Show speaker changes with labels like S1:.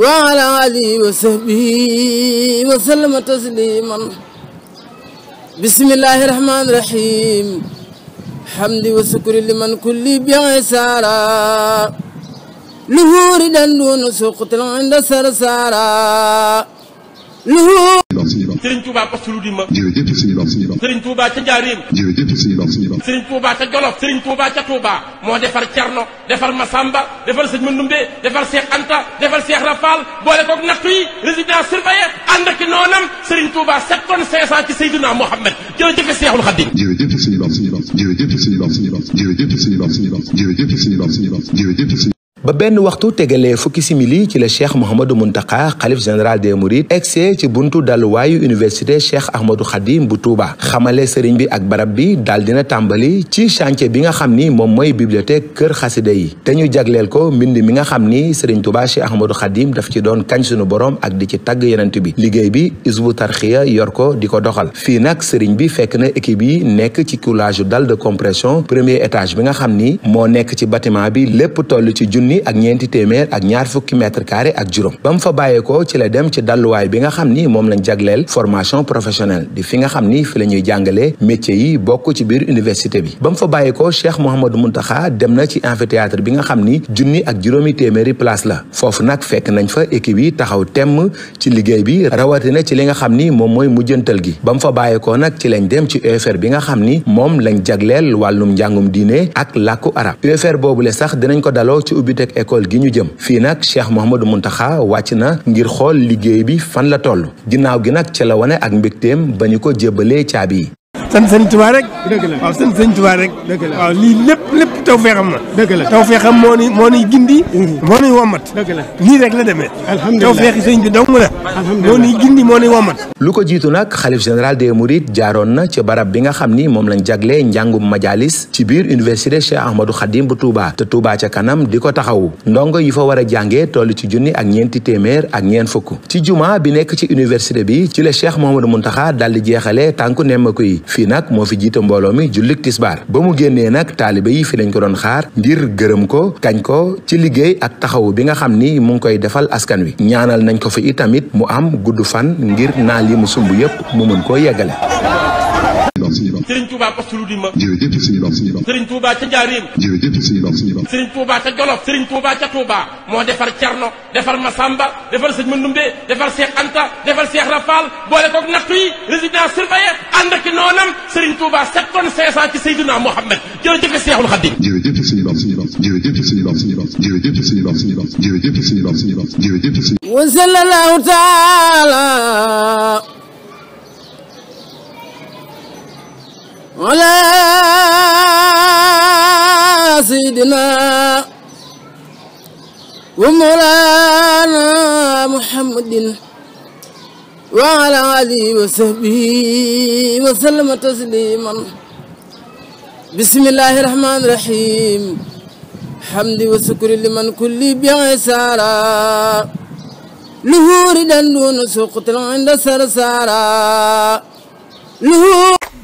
S1: وعلى آله وصحبه وسلم تسليما بسم الله الرحمن الرحيم حمد وشكر لمن كل بعسارا لهور دندون سقط عند سرسارا لهور
S2: Serigne Touba postulu dimba jërëjëf sëñ Bamba Serigne Touba ca Njaaréem jërëjëf sëñ Bamba Serigne Touba ca Jolof Serigne Touba ca Touba moo defar Cerno defar Masamba defar sëñ Mandumbe defar Seex Anta defar Seex Rafal boole koog nattu yi résidence surveillée ànd ak noonam Serigne Touba sept tonnes cinq cent ci Seydina Mouhamed jërëjëf Seexul
S3: ba benn waxtu tegalee fukki simili ci la cheikh Mouhamadou Mountakha xalif général des Mourides egsee ci buntu daluwaayu université cheikh Ahmadou Khadim bu Touba xamale sëriñ bi ak barab bi daal dina tàmbali ci chantier bi nga xam ni moom mooy bibliothèque kër xasida yi te ñu jagleel ko mbind mi nga xam ni sëriñ Touba cheikh Ahmadou xadim daf ci doon kañ suñu borom ak di ci tagg yenent bi liggéey bi isbu tarxiya yor ko di ko doxal fii nag sëriñ bi fekk na équipe yi nekk ci coulage dal de compression premier étage bi nga xam ni moo nekk ci bâtiment bi lépp toll ci junni junni ak ñeenti téeméer ak ñaar fukki mètre carré ak juróom ba mu fa bàyyeekoo ci la dem ci dalluwaay bi nga xam ni moom lañ jagleel formation professionnelle di fi nga xam na bi nga xam ni junni ak juróomi téeméeri place la foofu nag fekk nañ fa équipe yi taxaw temm liggéey bi rawatina ci li nga xam ni moom mooy mujjantal gi ba mu fa bàyyeekoo nag ci lañ dem ci UFR bi nga xam ni moom lañ jagleel wàllum njàngum diine ak làkku arab UFR boobu le sax dinañ ko daloo ci ubbite digganteeg école gi ñu jëm fii nag Cheikh Mouhamadou Mountakha wàcc na ngir xool liggéey bi fan la toll ginnaaw gi nag ca la wane ak mbégteem ba ñu ko jébbalee caabi
S1: yi. sant sëñ Tuubaa rek. lii lépp lépp. tawfeexam la. dëgg la tawfeexam moo ni moo ni gindi. moo ni womat. dëgg la nii rek la demee. alhamdulilah
S3: lu ko jiitu nag xalif général des Mourides jaaroon na ci barab bi nga xam ni moom lañ jagle njàngum majalis ci biir université Cheikh Ahmadou Khadim bu Touba te Touba ca kanam di ko taxaw ndongo yi fa war a jàngee toll ci junni ak ñeenti téeméer ak ñeent fukk ci juma bi nekk ci université bi ci la Cheikh Mouhamadou Mountakha dal di jeexalee tànku nemmeeku yi fii nag moo fi jiite mbooloo mi jullik tisbaar ba mu génnee nag taalibe doon xaar ngir gërëm ko kañ ko ci liggéey ak taxawu bi nga xam ni mu ngi koy defal askan wi ñaanal nañ ko fi itamit mu am gudd fan ngir naa li mu sumb yëpp mu mën koo yeggale
S2: Serigne Touba postulu di ma jërëjëf suñu bopp suñu bopp Serigne Touba ca Njaaréem jërëjëf suñu bopp suñu bopp ca Jolof Serigne Touba ca Touba moo defar Cerno defar Masamba defar sëñ Mandumbe defar Cheikh Anta defar Cheikh Rafal boole koog nattu yi résidence surveillée ànd ak noonam Serigne Touba sept tonnes cinq cent ci Seydina Mouhamed jërëjëf Cheikhul Khadim jërëjëf suñu bopp suñu bopp jërëjëf suñu bopp suñu bopp jërëjëf suñu bopp suñu bopp jërëjëf suñu bopp suñu bopp jërëjëf
S1: suñu على سيدنا ومولانا محمد وعلى آله وصحبه وسلم تسليما بسم الله الرحمن الرحيم حمد وشكر لمن كل بعسارا لهور دندون سقط عند سرسارا لهور